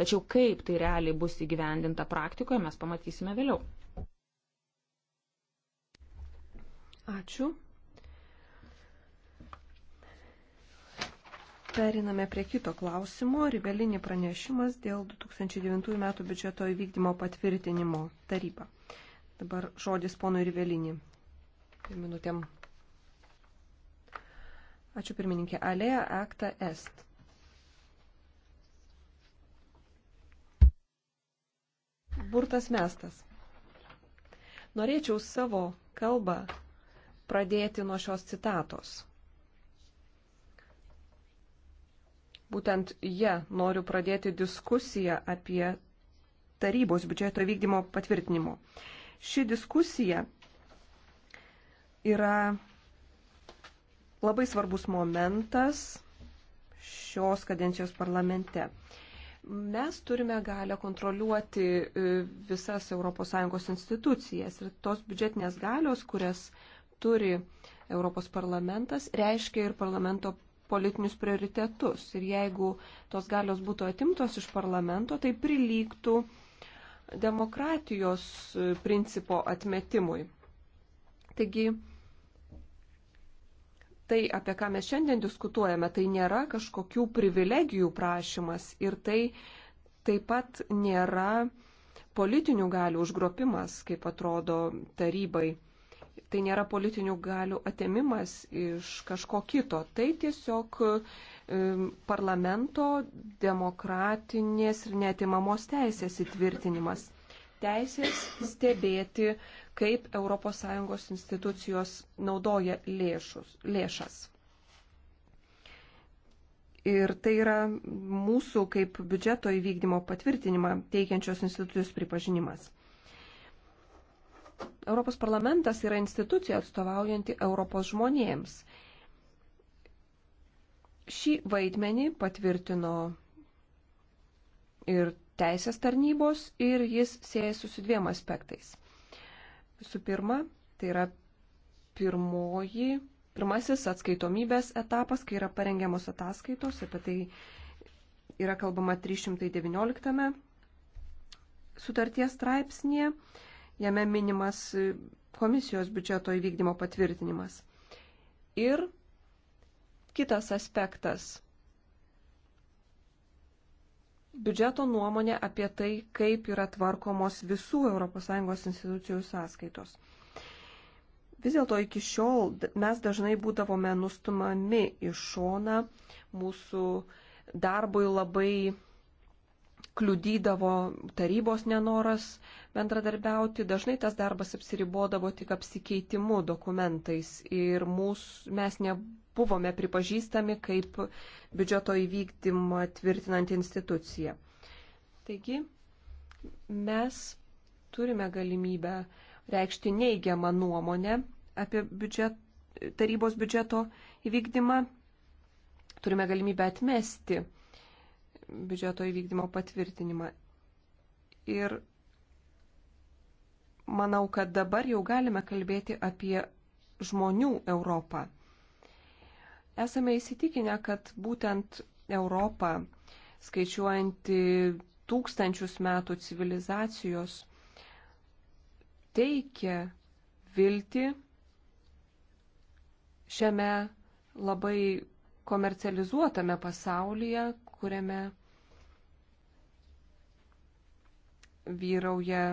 Tačiau kaip tai realiai bus įgyvendinta praktikoje, mes pamatysime vėliau. Ačiū. Periname prie kito klausimo. Ribelinį pranešimas dėl 2009 m. biudžeto įvykdymo patvirtinimo taryba. Dabar žodis ponui Ribelinį. Minutėm. Ačiū pirmininkė. Alėja Akta Est. burtas mestas. Norėčiau savo kalbą pradėti nuo šios citatos. Būtent jie ja, noriu pradėti diskusiją apie tarybos biudžeto vykdymo patvirtinimo. Ši diskusija yra labai svarbus momentas šios kadencijos parlamente. Mes turime galę kontroliuoti e, visas ES institucijas ir tos biudžetinės galios, kurias turi Europos parlamentas, reiškia ir parlamento politinius prioritetus. Ir jeigu tos galios būtų atimtos iš parlamento, tai prilygtų demokratijos e, principo atmetimui. Taigi tai, apie ką mes šiandien diskutuojame, tai nėra kažkokių privilegijų prašymas ir tai taip pat nėra politinių galių užgropimas, kaip atrodo tarybai. Tai nėra politinių galių atėmimas iš kažko kito. Tai tiesiog parlamento demokratinės ir netimamos teisės įtvirtinimas teisės stebėti, kaip ES institucijos naudoja lėšus, lėšas. Ir tai yra mūsų kaip biudžeto įvykdymo patvirtinimą teikiančios institucijos pripažinimas. Europos parlamentas yra institucija atstovaujanti Europos žmonėms. Šį vaidmenį patvirtino ir teisės tarnybos ir jis siejasi su dviem aspektais. Visų pirma, tai yra pirmoji, pirmasis atskaitomybės etapas, kai yra parengiamos ataskaitos, apie tai yra kalbama 319 sutarties straipsnėje, jame minimas komisijos biudžeto įvykdymo patvirtinimas. Ir kitas aspektas biudžeto nuomonę apie tai, kaip yra tvarkomos visų ES institucijų sąskaitos. Vis dėlto iki šiol mes dažnai būdavome nustumami į šoną, mūsų darbui labai kliudydavo tarybos nenoras bendradarbiauti, dažnai tas darbas apsiribodavo tik apsikeitimu dokumentais ir mūs, mes ne, buvome pripažįstami kaip biudžeto įvykdymą tvirtinanti institucija. Taigi mes turime galimybę reikšti neigiamą nuomonę apie biudžet, tarybos biudžeto įvykdymą. Turime galimybę atmesti biudžeto įvykdymo patvirtinimą. Ir manau, kad dabar jau galime kalbėti apie žmonių Europą. Esame įsitikinę, kad būtent Europa, skaičiuojanti tūkstančius metų civilizacijos, teikia viltį šiame labai komercializuotame pasaulyje, kuriame vyrauja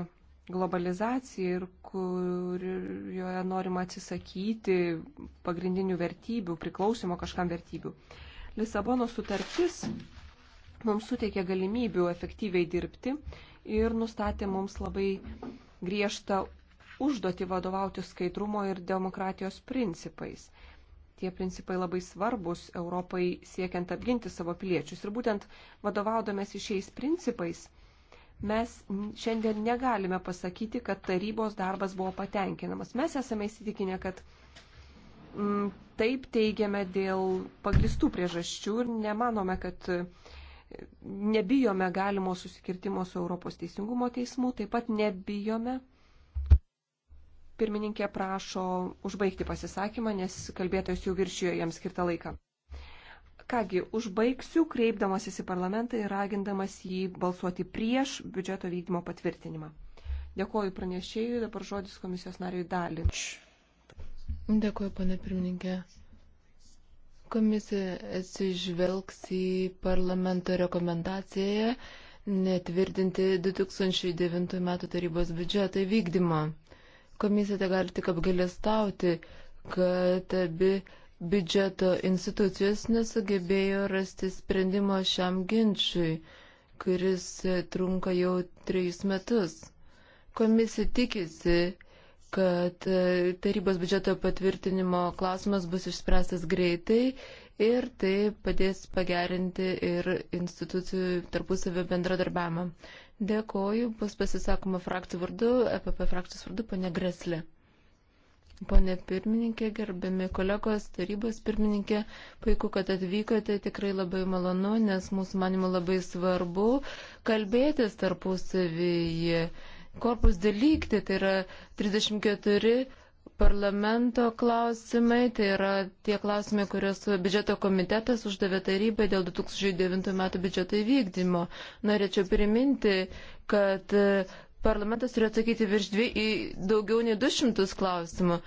globalizacija ir kurioje norima atsisakyti pagrindinių vertybių, priklausimo kažkam vertybių. Lisabono sutartis mums suteikė galimybių efektyviai dirbti ir nustatė mums labai griežtą užduoti vadovauti skaidrumo ir demokratijos principais. Tie principai labai svarbus Europai siekiant apginti savo piliečius. Ir būtent vadovaudomės šiais principais mes šiandien negalime pasakyti, kad tarybos darbas buvo patenkinamas. Mes esame įsitikinę, kad m, mm, taip teigiame dėl pagristų priežasčių ir nemanome, kad e, nebijome galimo susikirtimo su Europos teisingumo teismu, taip pat nebijome. Pirmininkė prašo užbaigti pasisakymą, nes kalbėtojas jau viršijo jam skirtą laiką. Kągi, užbaigsiu, kreipdamasis į parlamentą ir ragindamas jį balsuoti prieš biudžeto vykdymo patvirtinimą. Dėkuoju pranešėjui, dabar žodis komisijos nariui Dalinč. Dėkuoju, pane pirmininkė. Komisija atsižvelgs į parlamento rekomendaciją netvirtinti 2009 m. tarybos biudžetą įvykdymą. Komisija tai gali tik apgalėstauti, kad abi biudžeto institucijos nesugebėjo rasti sprendimo šiam ginčiui, kuris trunka jau trejus metus. Komisija tikisi, kad tarybos biudžeto patvirtinimo klausimas bus išspręstas greitai ir tai padės pagerinti ir institucijų tarpusavio bendradarbiavimą. Dėkoju, bus pasisakoma frakcijų vardu, EPP frakcijos vardu, ponia Greslė. Pone pirmininkė, gerbiami kolegos, tarybos pirmininkė, puiku, kad atvykote, tikrai labai malonu, nes mūsų manimo labai svarbu kalbėtis tarpusavyje. Korpus dalykti, tai yra 34 parlamento klausimai, tai yra tie klausimai, kuriuos biudžeto komitetas uždavė tarybai dėl 2009 metų biudžeto įvykdymo. Norėčiau priminti, kad parlamentas turi atsakyti virš dvi į daugiau nei 200 klausimų.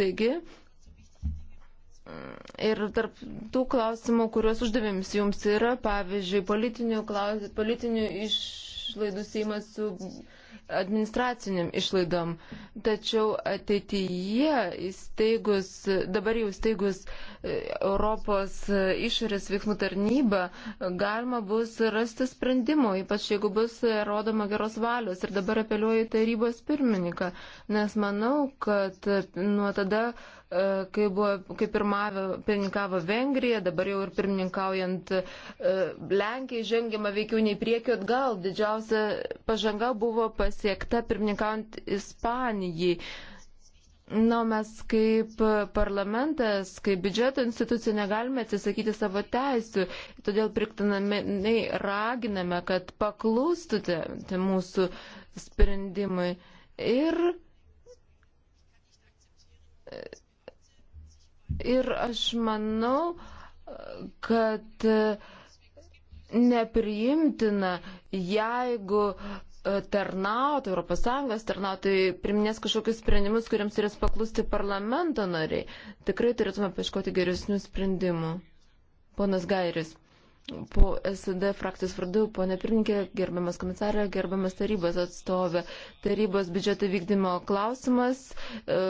Taigi, ir tarp tų klausimų, kuriuos uždavėms jums yra, pavyzdžiui, politinių, klaus, politinių išlaidų seimas su administraciniam išlaidom. Tačiau ateityje įsteigus, dabar jau įsteigus Europos išorės veiksmų tarnybą, galima bus rasti sprendimų, ypač jeigu bus rodoma geros valios. Ir dabar apeliuoju tarybos pirmininką, nes manau, kad nuo tada, e, kai, buvo, kai pirmavė, pirmininkavo Vengrija, dabar jau ir pirmininkaujant e, Lenkijai žengiama veikiau nei priekio atgal. Didžiausia pažanga buvo pasiekta pirmininkaujant Ispanijai. Na, mes kaip parlamentas, kaip biudžeto institucija negalime atsisakyti savo teisų, todėl priktinamai raginame, kad paklūstute mūsų sprendimui. Ir, ir aš manau, kad nepriimtina, jeigu E, tarnauti, ES tarnauti, priminės kažkokius sprendimus, kuriems turės paklusti parlamento nariai. Tikrai turėtume paieškoti geresnių sprendimų. Ponas Gairis, po SD frakcijos vardu, ponė pirmininkė, gerbiamas komisarė, gerbiamas tarybos atstovė, tarybos biudžeto vykdymo klausimas. E,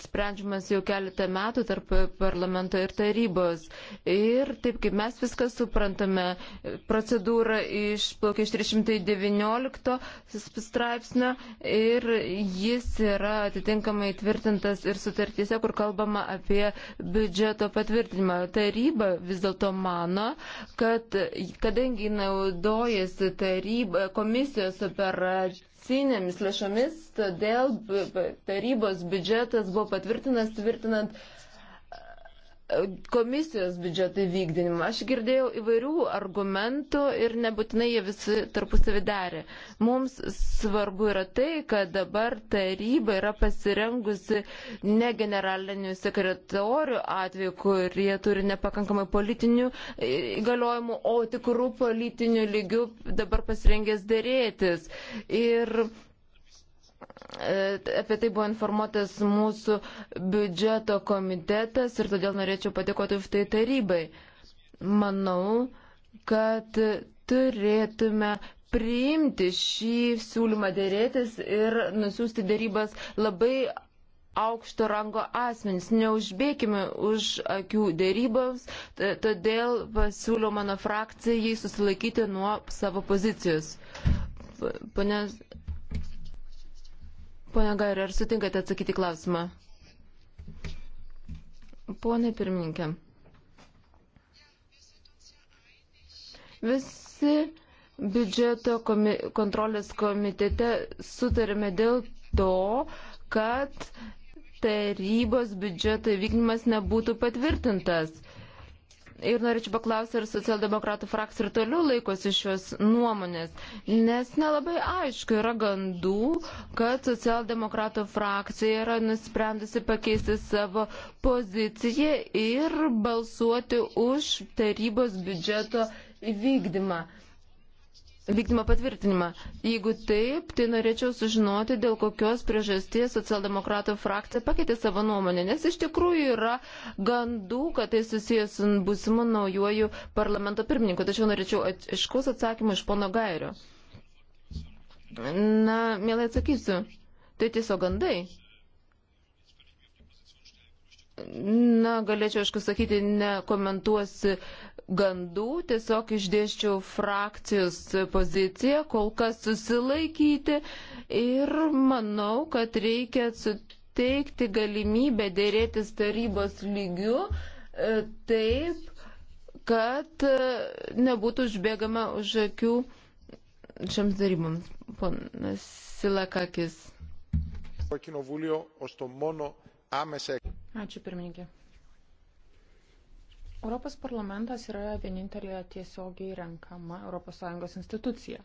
sprendžiamas jau keletą metų tarp parlamento ir tarybos. Ir taip kaip mes viską suprantame, procedūra išplaukia iš 319 straipsnio ir jis yra atitinkamai tvirtintas ir sutartyse, kur kalbama apie biudžeto patvirtinimą. Taryba vis dėlto mano, kad kadangi naudojasi taryba, komisijos operacija, investicinėmis lėšomis, todėl tarybos biudžetas buvo patvirtinas tvirtinant komisijos biudžeto įvykdinimą. Aš girdėjau įvairių argumentų ir nebūtinai jie visi tarpusavį darė. Mums svarbu yra tai, kad dabar taryba yra pasirengusi ne generalinių sekretorių atveju, kurie turi nepakankamai politinių įgaliojimų, o tikrų politinių lygių dabar pasirengęs dėrėtis. Ir apie tai buvo informuotas mūsų biudžeto komitetas ir todėl norėčiau padėkoti už tai tarybai. Manau, kad turėtume priimti šį siūlymą dėrėtis ir nusiųsti dėrybas labai aukšto rango asmenys. Neužbėkime už akių dėryboms, todėl pasiūliau mano frakcijai susilaikyti nuo savo pozicijos. Pane Pone Gairi, ar sutinkate atsakyti klausimą? Pone pirmininkė. Visi biudžeto komi kontrolės komitete sutarėme dėl to, kad tarybos biudžeto įvykdymas nebūtų patvirtintas ir norėčiau paklausti, ar socialdemokratų frakcija ir toliau laikosi šios nuomonės, nes nelabai aišku yra gandų, kad socialdemokratų frakcija yra nusprendusi pakeisti savo poziciją ir balsuoti už tarybos biudžeto įvykdymą vykdymo patvirtinimą. Jeigu taip, tai norėčiau sužinoti, dėl kokios priežasties socialdemokratų frakcija pakeitė savo nuomonę, nes iš tikrųjų yra gandų, kad tai susijęs su būsimu naujoju parlamento pirmininku. Tačiau norėčiau aiškus atsakymą iš pono Gairio. Na, mielai atsakysiu. Tai tiesiog gandai. Na, galėčiau, aišku, sakyti, nekomentuosi gandų, tiesiog išdėščiau frakcijos poziciją, kol kas susilaikyti ir manau, kad reikia suteikti galimybę dėrėtis tarybos lygių e, taip, kad e, nebūtų užbėgama už akių šiams darybams. Ponas Silakakis. Το Κοινοβούλιο ως το μόνο άμεσα Ačiū pirmininkė. Europos parlamentas yra vienintelė tiesiogiai renkama ES institucija.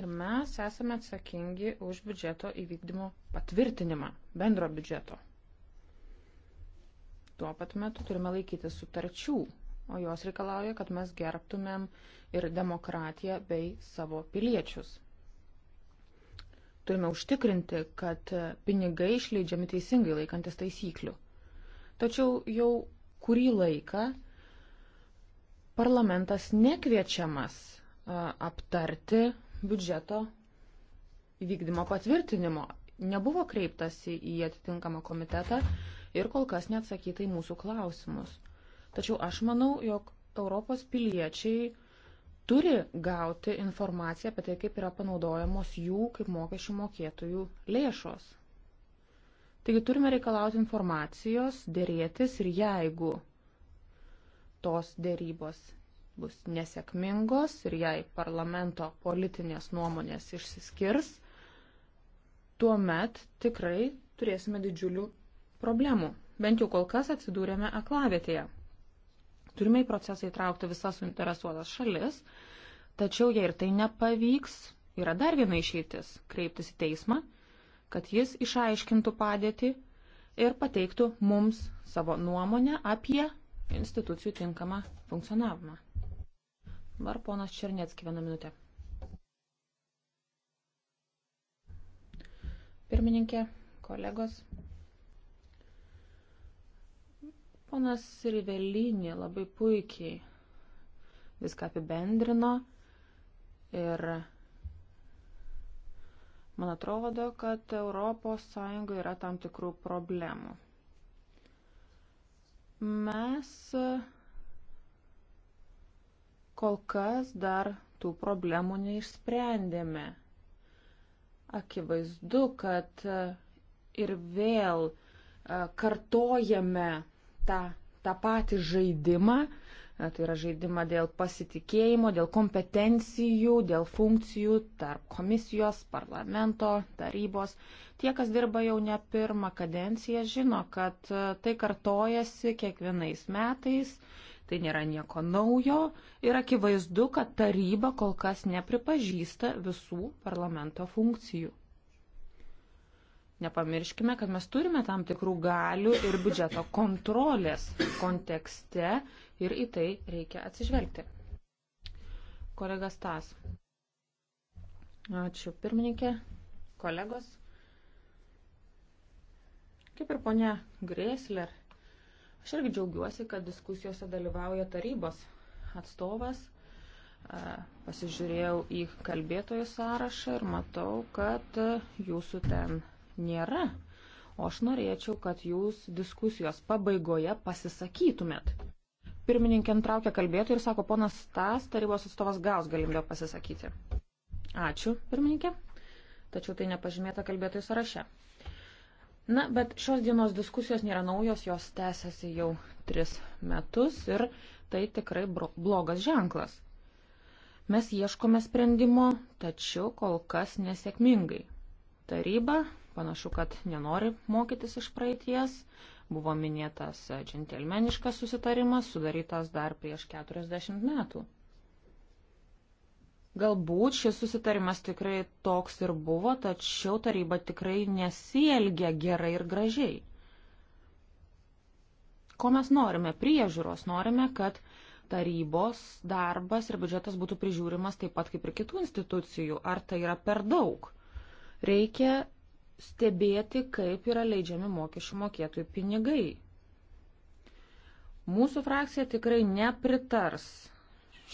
Ir mes esame atsakingi už biudžeto įvykdymo patvirtinimą, bendro biudžeto. Tuo pat metu turime laikyti sutarčių, o jos reikalauja, kad mes gerbtumėm ir demokratiją bei savo piliečius. Turime užtikrinti, kad pinigai išleidžiami teisingai laikantis taisyklių. Tačiau jau kurį laiką parlamentas nekviečiamas aptarti biudžeto įvykdymo patvirtinimo. Nebuvo kreiptasi į atitinkamą komitetą ir kol kas neatsakyta į mūsų klausimus. Tačiau aš manau, jog Europos piliečiai turi gauti informaciją apie tai, kaip yra panaudojamos jų kaip mokesčių mokėtojų lėšos. Taigi turime reikalauti informacijos, dėrėtis ir jeigu tos dėrybos bus nesėkmingos ir jei parlamento politinės nuomonės išsiskirs, tuomet tikrai turėsime didžiulių problemų. Bent jau kol kas atsidūrėme aklavietėje. Turime į procesą įtraukti visas suinteresuotas šalis, tačiau jei ir tai nepavyks, yra dar viena išeitis - kreiptis į teismą kad jis išaiškintų padėtį ir pateiktų mums savo nuomonę apie institucijų tinkamą funkcionavimą. Var ponas Černiecki vieną minutę. Pirmininkė, kolegos. Ponas Rivelinė labai puikiai viską apibendrino ir Man atrodo, kad ES yra tam tikrų problemų. Mes eh, kol kas dar tų problemų neišsprendėme. Akivaizdu, kad eh, ir vėl eh, kartojame tą, tą patį žaidimą, Tai yra žaidimą dėl pasitikėjimo, dėl kompetencijų, dėl funkcijų tarp komisijos, parlamento, tarybos. Tie, kas dirba jau ne pirmą kadenciją, žino, kad e, tai kartojasi kiekvienais metais, tai nėra nieko naujo ir akivaizdu, kad taryba kol kas nepripažįsta visų parlamento funkcijų. Nepamirškime, kad mes turime tam tikrų galių ir biudžeto kontrolės kontekste ir į tai reikia atsižvelgti. Kolega Stas. Ačiū pirmininkė, kolegos. Kaip ir ponia Grėsler, aš irgi džiaugiuosi, kad diskusijose dalyvauja tarybos atstovas. Pasižiūrėjau į kalbėtojų sąrašą ir matau, kad jūsų ten nėra. O aš norėčiau, kad jūs diskusijos pabaigoje pasisakytumėt. Pirmininkė antraukia kalbėtų ir sako, ponas Tas, tarybos atstovas gaus galimybę pasisakyti. Ačiū, pirmininkė. Tačiau tai nepažymėta kalbėtojų sąraše. Na, bet šios dienos diskusijos nėra naujos, jos tęsiasi jau tris metus ir tai tikrai blogas ženklas. Mes ieškome sprendimo, tačiau kol kas nesėkmingai. Taryba panašu, kad nenori mokytis iš praeities, Buvo minėtas džentelmeniškas susitarimas, sudarytas dar prieš 40 metų. Galbūt šis susitarimas tikrai toks ir buvo, tačiau taryba tikrai nesielgia gerai ir gražiai. Ko mes norime? Priežiūros. Norime, kad tarybos darbas ir biudžetas būtų prižiūrimas taip pat kaip ir kitų institucijų. Ar tai yra per daug? Reikia stebėti, kaip yra leidžiami mokesčių mokėtojų pinigai. Mūsų frakcija tikrai nepritars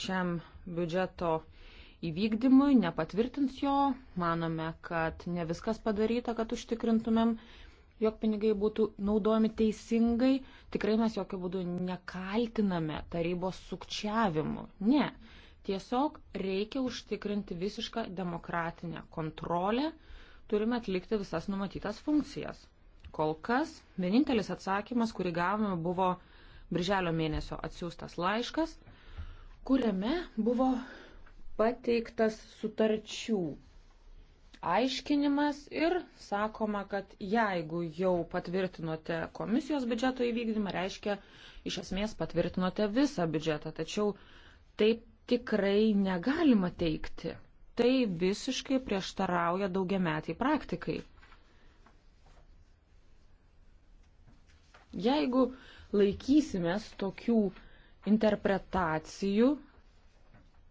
šiam biudžeto įvykdymui, nepatvirtins jo. Manome, kad ne viskas padaryta, kad užtikrintumėm, jog pinigai būtų naudojami teisingai. Tikrai mes jokių būdų nekaltiname tarybos sukčiavimu. Ne. Tiesiog reikia užtikrinti visišką demokratinę kontrolę turime atlikti visas numatytas funkcijas. Kol kas vienintelis atsakymas, kurį gavome, buvo Birželio mėnesio atsiųstas laiškas, kuriame buvo pateiktas sutarčių aiškinimas ir sakoma, kad jeigu jau patvirtinote komisijos biudžeto įvykdymą, reiškia, iš esmės patvirtinote visą biudžetą, tačiau taip tikrai negalima teikti tai visiškai prieštarauja daugiametiai praktikai. Jeigu laikysimės tokių interpretacijų,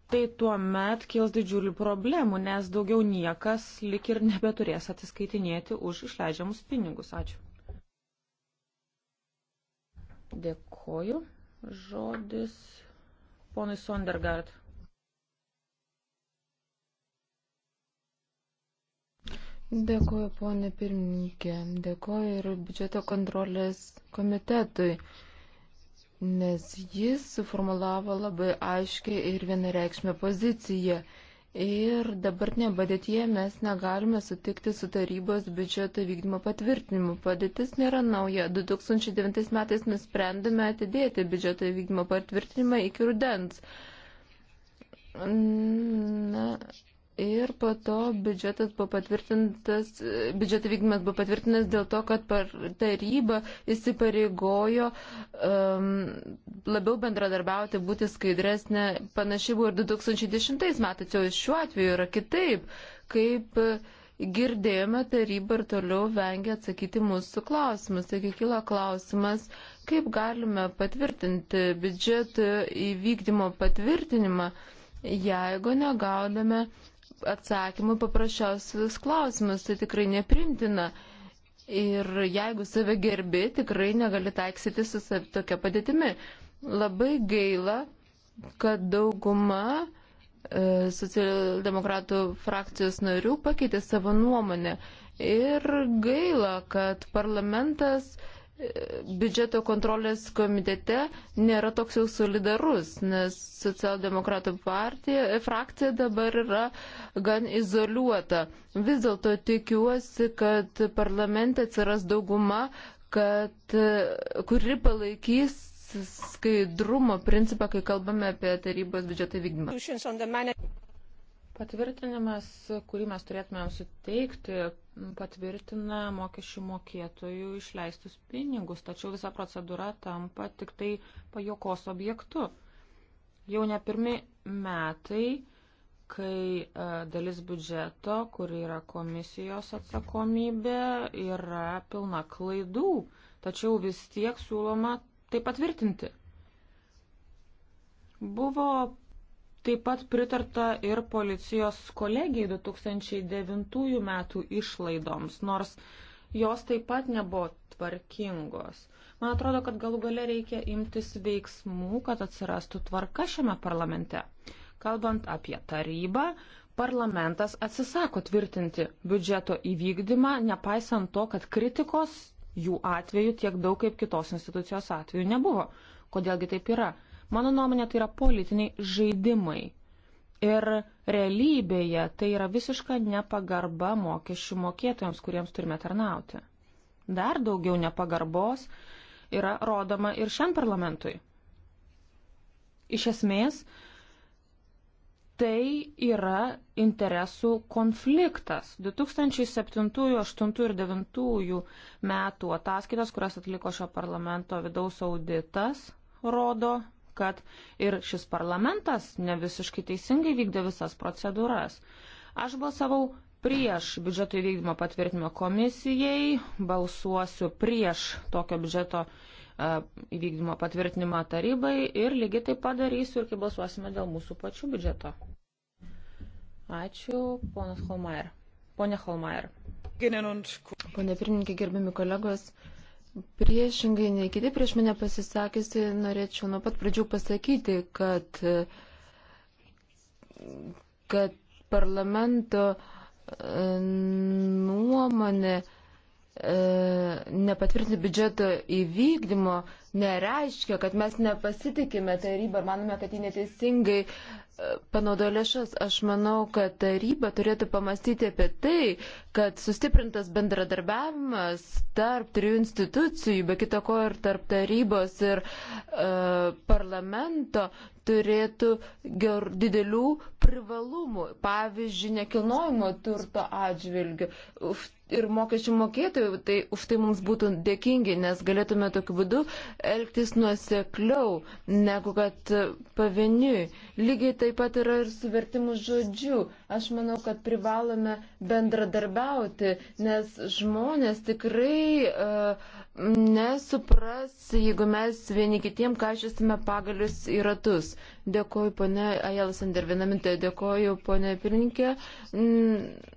tai tuo met kils didžiulių problemų, nes daugiau niekas lik ir nebeturės atsiskaitinėti už išleidžiamus pinigus. Ačiū. Dėkoju. Žodis ponui Sondergaard. Dėkuoju, ponė pirmininkė. Dėkuoju ir biudžeto kontrolės komitetui, nes jis suformulavo labai aiškiai ir vienareikšmę poziciją. Ir dabartinė padėtie mes negalime sutikti su tarybos biudžeto vykdymo patvirtinimu. Padėtis nėra nauja. 2009 metais nusprendėme atidėti biudžeto vykdymo patvirtinimą iki rudens. Na, Ir po to biudžetas buvo patvirtintas, biudžeto vykdymas buvo patvirtintas dėl to, kad taryba įsipareigojo um, labiau bendradarbiauti, būti skaidresnė. Panašiai buvo ir 2010 metais, jau šiuo atveju yra kitaip, kaip girdėjome, taryba ir toliau vengia atsakyti mūsų klausimus. Taigi kilo klausimas, kaip galime patvirtinti biudžeto įvykdymo patvirtinimą, jeigu negaudame atsakymų paprasčiausius klausimus. Tai tikrai neprimtina. Ir jeigu save gerbi, tikrai negali taiksyti su tokia padėtimi. Labai gaila, kad dauguma e, socialdemokratų frakcijos narių pakeitė savo nuomonę. Ir gaila, kad parlamentas e, biudžeto kontrolės komitete nėra toks jau solidarus, nes socialdemokratų partija, frakcija dabar yra gan izoliuota. Vis dėlto tikiuosi, kad parlamente atsiras dauguma, kad, kuri palaikys skaidrumo principą, kai kalbame apie tarybos biudžeto vykdymą. Patvirtinimas, kurį mes turėtumėm suteikti, patvirtina mokesčių mokėtojų išleistus pinigus, tačiau visa procedūra tampa tik tai pajokos objektu. Jau ne pirmi metai, kai e, dalis biudžeto, kuri yra komisijos atsakomybė, yra pilna klaidų, tačiau vis tiek siūloma tai patvirtinti. Buvo Taip pat pritarta ir policijos kolegijai 2009 metų išlaidoms, nors jos taip pat nebuvo tvarkingos. Man atrodo, kad galų gale reikia imtis veiksmų, kad atsirastų tvarka šiame parlamente. Kalbant apie tarybą, parlamentas atsisako tvirtinti biudžeto įvykdymą, nepaisant to, kad kritikos jų atveju tiek daug kaip kitos institucijos atveju nebuvo. Kodėlgi taip yra? Mano nuomonė tai yra politiniai žaidimai. Ir realybėje tai yra visiška nepagarba mokesčių mokėtojams, kuriems turime tarnauti. Dar daugiau nepagarbos yra rodoma ir šiam parlamentui. Iš esmės, tai yra interesų konfliktas. 2007, 2008 ir 2009 metų ataskaitos, kurias atliko šio parlamento vidaus auditas, rodo, kad ir šis parlamentas ne visiškai teisingai vykdė visas procedūras. Aš balsavau prieš biudžeto įvykdymo patvirtinimą komisijai, balsuosiu prieš tokio biudžeto e, įvykdymo patvirtinimą tarybai ir lygiai tai padarysiu ir kai balsuosime dėl mūsų pačių biudžeto. Ačiū, ponas Holmeier. Pone Holmeier. Pone pirmininkė, gerbiami kolegos, Priešingai nei kiti prieš mane pasisakysi, norėčiau nuo pat pradžių pasakyti, kad, kad parlamento e, nuomonė e, nepatvirtinti biudžeto įvykdymo nereiškia, kad mes nepasitikime tarybą ir manome, kad ji neteisingai e, panaudo lėšas. Aš manau, kad taryba turėtų pamastyti apie tai, kad sustiprintas bendradarbiavimas tarp trijų institucijų, be kita ko ir tarp tarybos ir uh, parlamento, turėtų ger, didelių privalumų, pavyzdžiui, nekilnojimo turto atžvilgių. Uf, ir mokesčių mokėtojų, tai už tai mums būtų dėkingi, nes galėtume tokiu būdu elgtis nuosekliau, negu kad pavieniui. Lygiai taip pat yra ir su vertimu žodžiu. Aš manau, kad privalome bendradarbiauti, nes žmonės tikrai uh, nesupras, jeigu mes vieni kitiem kažėsime pagalius į ratus. Dėkoju, ponė Ajelas Ander, vieną mintę dėkoju, ponė Pirinkė. Mm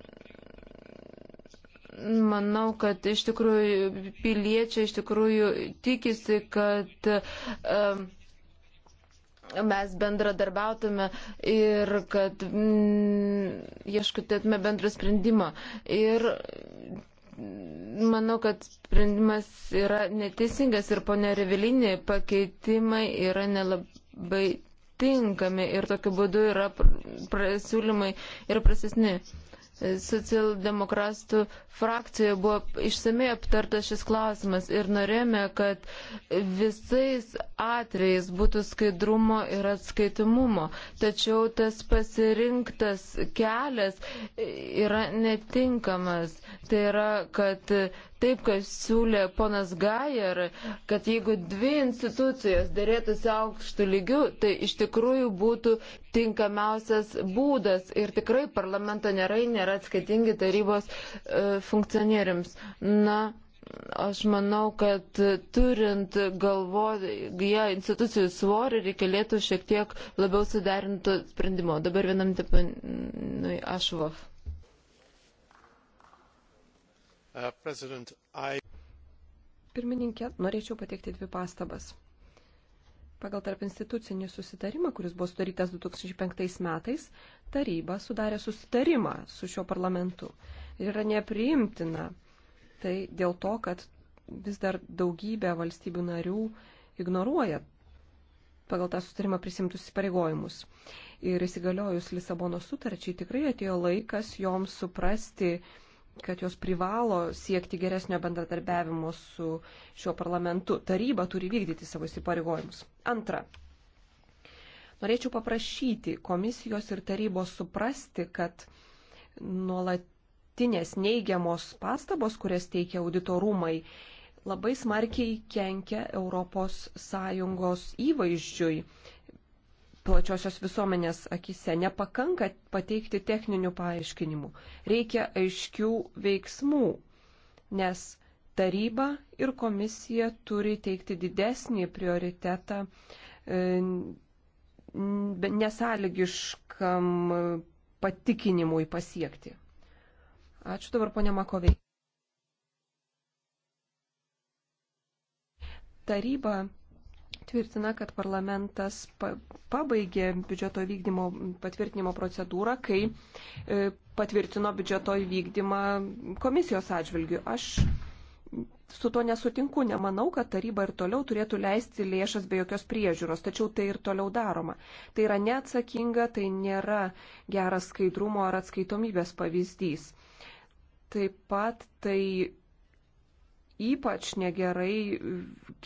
Manau, kad iš tikrųjų piliečiai iš tikrųjų tikisi, kad um, mes bendradarbiautume ir kad mm, ieškutėtume bendrą sprendimą. Ir manau, kad sprendimas yra neteisingas ir ponia Revilinė pakeitimai yra nelabai tinkami ir tokiu būdu yra siūlymai yra prasesni socialdemokratų frakcijoje buvo išsamei aptartas šis klausimas ir norėjome, kad visais atvejais būtų skaidrumo ir atskaitimumo. Tačiau tas pasirinktas kelias yra netinkamas. Tai yra, kad taip, kaip siūlė ponas Gajer, kad jeigu dvi institucijos dėrėtųsi aukštų lygių, tai iš tikrųjų būtų tinkamiausias būdas ir tikrai parlamento nėra, nėra atskaitingi tarybos e, funkcionieriams. Na, Aš manau, kad turint galvoje institucijų svorį, reikėtų šiek tiek labiau suderinto sprendimo. Dabar vienam tepanui Ašvaf. Uh, I... Pirmininkė, norėčiau pateikti dvi pastabas. Pagal tarp institucinį susitarimą, kuris buvo sudarytas 2005 metais, taryba sudarė susitarimą su šiuo parlamentu. Ir yra nepriimtina tai dėl to, kad vis dar daugybė valstybių narių ignoruoja pagal tą sutarimą prisimtus įsipareigojimus. Ir įsigaliojus Lisabono sutarčiai tikrai atėjo laikas joms suprasti, kad jos privalo siekti geresnio bendradarbiavimo su šiuo parlamentu. Taryba turi vykdyti savo įsipareigojimus. Antra. Norėčiau paprašyti komisijos ir tarybos suprasti, kad nuolatinės neigiamos pastabos, kurias teikia auditorumai, labai smarkiai kenkia ES įvaizdžiui plačiosios visuomenės akise. Nepakanka pateikti techninių paaiškinimų. Reikia aiškių veiksmų, nes taryba ir komisija turi teikti didesnį prioritetą e, nesąlygiškam patikinimui pasiekti. Ačiū dabar, ponia Makovei. Taryba tvirtina, kad parlamentas pabaigė biudžeto vykdymo patvirtinimo procedūrą, kai e, patvirtino biudžeto įvykdymą komisijos atžvilgiu. Aš su to nesutinku, nemanau, kad taryba ir toliau turėtų leisti lėšas be jokios priežiūros, tačiau tai ir toliau daroma. Tai yra neatsakinga, tai nėra geras skaidrumo ar atskaitomybės pavyzdys. Taip pat tai ypač negerai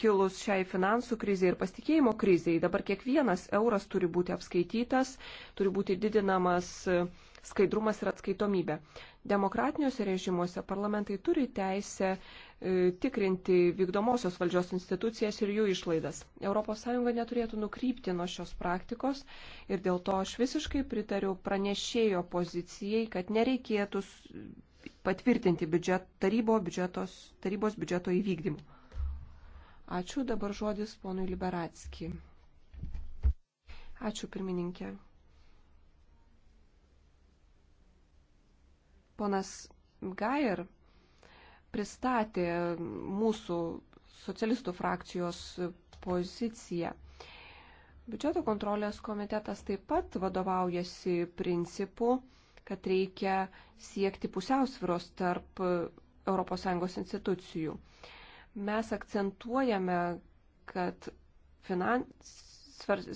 kilus šiai finansų kriziai ir pasitikėjimo kriziai. Dabar kiekvienas euras turi būti apskaitytas, turi būti didinamas skaidrumas ir atskaitomybė. Demokratiniuose režimuose parlamentai turi teisę e, tikrinti vykdomosios valdžios institucijas ir jų išlaidas. ES neturėtų nukrypti nuo šios praktikos ir dėl to aš visiškai pritariu pranešėjo pozicijai, kad nereikėtų patvirtinti biudžet, tarybo biudžetos, tarybos biudžeto įvykdymu. Ačiū, dabar žodis ponui Liberatski. Ačiū, pirmininkė. Ponas Gajer pristatė mūsų socialistų frakcijos poziciją. Biudžeto kontrolės komitetas taip pat vadovaujasi principu, kad reikia siekti pusiausviros tarp ES institucijų. Mes akcentuojame, kad finans,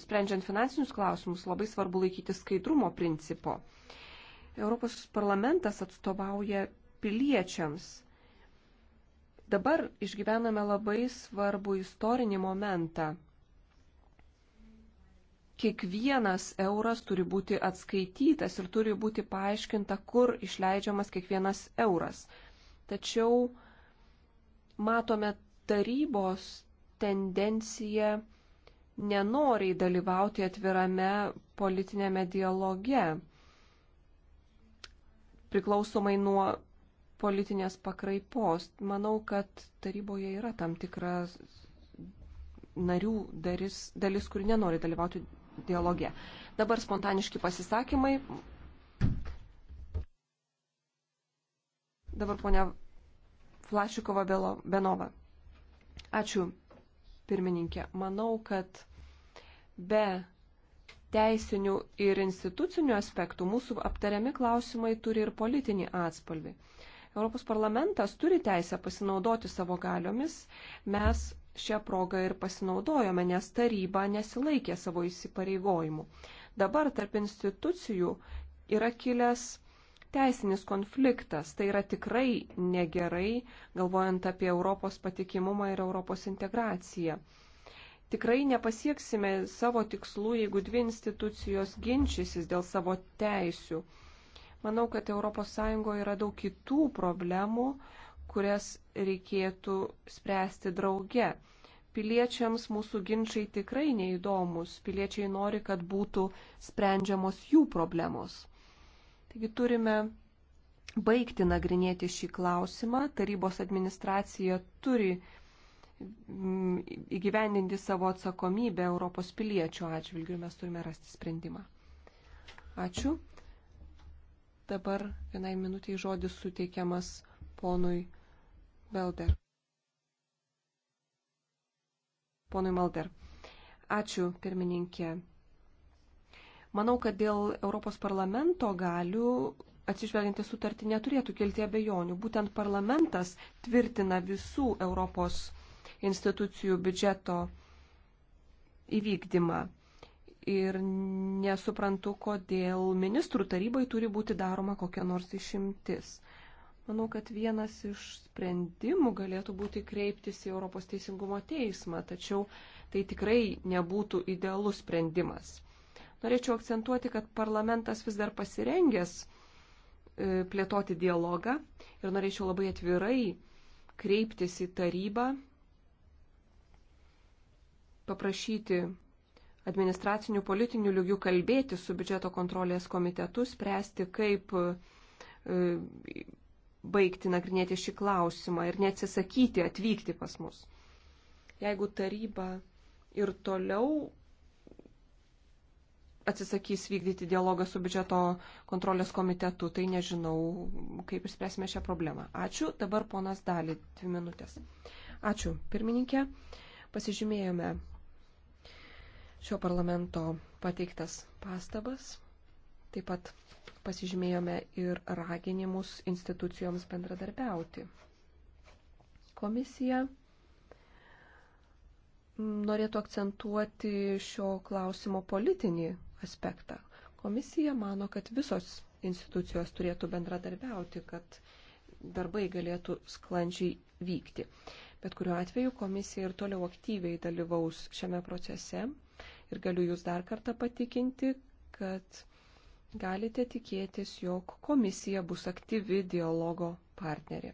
sprendžiant finansinius klausimus labai svarbu laikyti skaidrumo principo. Europos parlamentas atstovauja piliečiams. Dabar išgyvename labai svarbų istorinį momentą kiekvienas euras turi būti atskaitytas ir turi būti paaiškinta, kur išleidžiamas kiekvienas euras. Tačiau matome tarybos tendenciją nenoriai dalyvauti atvirame politinėme dialoge, priklausomai nuo politinės pakraipos. Manau, kad taryboje yra tam tikras narių dalis, dalis kuri nenori dalyvauti dialoge. Dabar spontaniški pasisakymai. Dabar ponia Flašikova Benova. Ačiū, pirmininkė. Manau, kad be teisinių ir institucinių aspektų mūsų aptariami klausimai turi ir politinį atspalvį. Europos parlamentas turi teisę pasinaudoti savo galiomis. Mes šią progą ir pasinaudojome, nes taryba nesilaikė savo įsipareigojimų. Dabar tarp institucijų yra kilęs teisinis konfliktas. Tai yra tikrai negerai, galvojant apie Europos patikimumą ir Europos integraciją. Tikrai nepasieksime savo tikslų, jeigu dvi institucijos ginčysis dėl savo teisių. Manau, kad ES yra daug kitų problemų, kurias reikėtų spręsti drauge. Piliečiams mūsų ginčiai tikrai neįdomus. Piliečiai nori, kad būtų sprendžiamos jų problemos. Taigi turime baigti nagrinėti šį klausimą. Tarybos administracija turi mm, įgyvendinti savo atsakomybę Europos piliečių atžvilgių ir mes turime rasti sprendimą. Ačiū. Dabar vienai minutiai žodis suteikiamas ponui Belder. Ponui Malder. Ačiū, pirmininkė. Manau, kad dėl Europos parlamento galių atsižvelgiant į sutartį neturėtų kilti abejonių. Būtent parlamentas tvirtina visų Europos institucijų biudžeto įvykdymą. Ir nesuprantu, kodėl ministrų tarybai turi būti daroma kokia nors išimtis. Manau, kad vienas iš sprendimų galėtų būti kreiptis į Europos teisingumo teismą, tačiau tai tikrai nebūtų idealus sprendimas. Norėčiau akcentuoti, kad parlamentas vis dar pasirengęs e, plėtoti dialogą ir norėčiau labai atvirai kreiptis į tarybą, paprašyti administracinių politinių lygių kalbėti su biudžeto kontrolės komitetu, spręsti, kaip e, baigti nagrinėti šį klausimą ir neatsisakyti atvykti pas mus. Jeigu taryba ir toliau atsisakys vykdyti dialogą su biudžeto kontrolės komitetu, tai nežinau, kaip išspręsime šią problemą. Ačiū. Dabar ponas Dali, dvi minutės. Ačiū, pirmininkė. Pasižymėjome šio parlamento pateiktas pastabas. Taip pat pasižymėjome ir raginimus institucijoms bendradarbiauti. Komisija norėtų akcentuoti šio klausimo politinį aspektą. Komisija mano, kad visos institucijos turėtų bendradarbiauti, kad darbai galėtų sklandžiai vykti. Bet kuriuo atveju komisija ir toliau aktyviai dalyvaus šiame procese ir galiu jūs dar kartą patikinti, kad galite tikėtis, jog komisija bus aktyvi dialogo partnerė.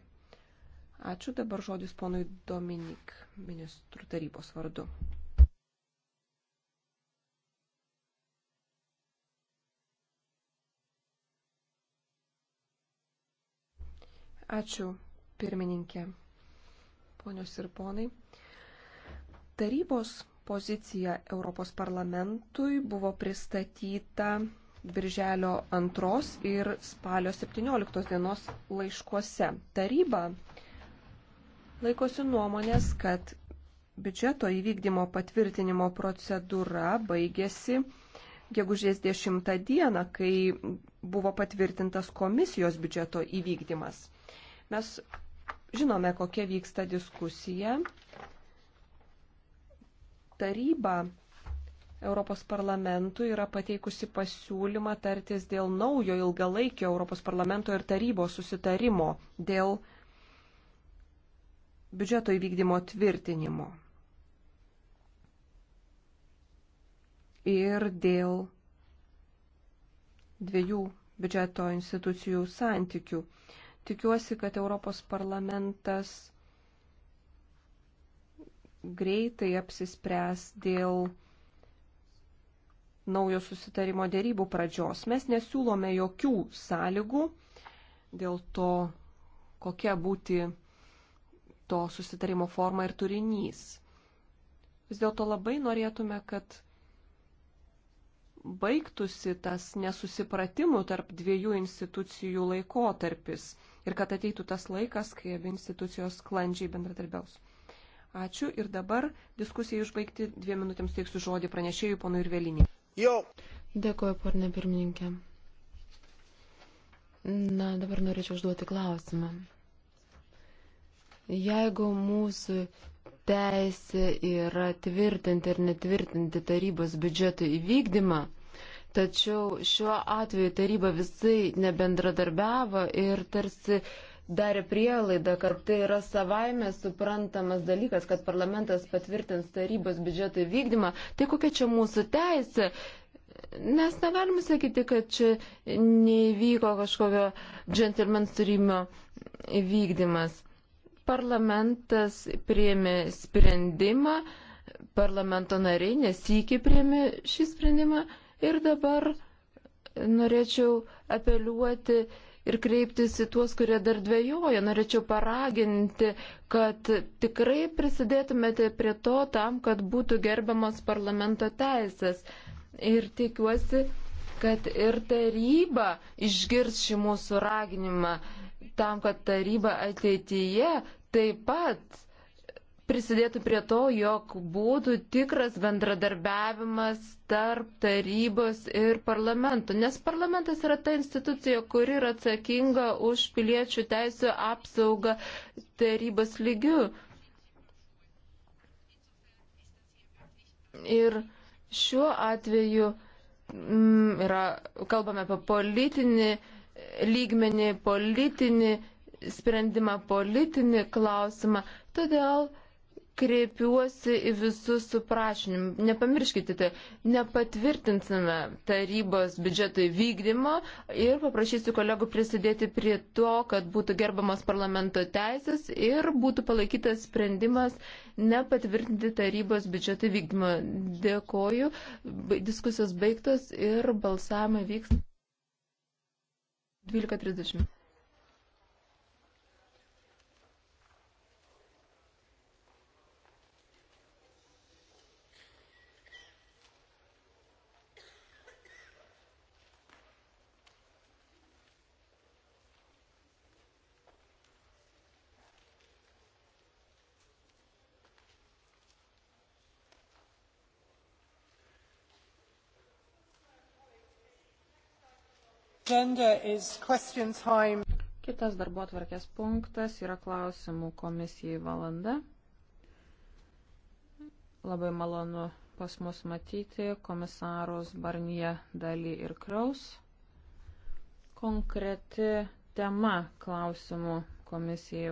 Ačiū dabar žodis ponui Dominik, ministrų tarybos vardu. Ačiū, pirmininkė. Ponios ir ponai. Tarybos pozicija Europos parlamentui buvo pristatyta birželio 2 ir spalio 17 dienos laiškuose. Taryba laikosi nuomonės, kad biudžeto įvykdymo patvirtinimo procedūra baigėsi gegužės 10 dieną, kai buvo patvirtintas komisijos biudžeto įvykdymas. Mes žinome, kokia vyksta diskusija. Taryba Europos parlamentui yra pateikusi pasiūlymą tartis dėl naujo ilgalaikio Europos parlamento ir tarybos susitarimo dėl biudžeto įvykdymo tvirtinimo ir dėl dviejų biudžeto institucijų santykių. Tikiuosi, kad Europos parlamentas greitai apsispręs dėl naujo susitarimo dėrybų pradžios. Mes nesiūlome jokių sąlygų dėl to, kokia būti to susitarimo forma ir turinys. Vis dėlto labai norėtume, kad baigtųsi tas nesusipratimų tarp dviejų institucijų laikotarpis ir kad ateitų tas laikas, kai abi institucijos sklandžiai bendradarbiaus. Ačiū ir dabar diskusijai užbaigti dviem minutėms teiksiu žodį pranešėjui ponui Irvelinį. Jo. Dėkuoju, porne pirmininkė. Na, dabar norėčiau užduoti klausimą. Jeigu mūsų teisė yra tvirtinti ir netvirtinti tarybos biudžeto įvykdymą, tačiau šiuo atveju taryba visai nebendradarbiavo ir tarsi uh, darė prielaidą, kad tai yra savaime suprantamas dalykas, kad parlamentas patvirtins tarybos biudžeto įvykdymą, tai kokia čia mūsų teisė? Mes negalime sakyti, kad čia neįvyko kažkokio džentelmen turimo įvykdymas. Parlamentas priėmė sprendimą, parlamento nariai nesikį priėmė šį sprendimą ir dabar norėčiau apeliuoti ir kreiptis į tuos, kurie dar dvėjoja. Norėčiau paraginti, kad tikrai prisidėtumėte prie to tam, kad būtų gerbiamos parlamento teisės. Ir tikiuosi, kad ir taryba išgirs šį mūsų raginimą tam, kad taryba ateityje taip pat prisidėtų prie to, jog būtų tikras bendradarbiavimas tarp tarybos ir parlamento, nes parlamentas yra ta institucija, kuri yra atsakinga už piliečių teisų apsaugą tarybos lygių. Ir šiuo atveju m, mm, yra, kalbame apie politinį lygmenį, politinį sprendimą, politinį klausimą. Todėl kreipiuosi į visus su prašymu. Nepamirškite, tai nepatvirtinsime tarybos biudžeto įvykdymo ir paprašysiu kolegų prisidėti prie to, kad būtų gerbamas parlamento teisės ir būtų palaikytas sprendimas nepatvirtinti tarybos biudžeto įvykdymo. Dėkoju. Diskusijos baigtos ir balsavimai vyks 12.30. Kitas darbo atvarkės punktas yra klausimų komisijai valanda. Labai malonu pas mus matyti komisarus Barnie Dali ir Kraus. Konkreti tema klausimų komisijai.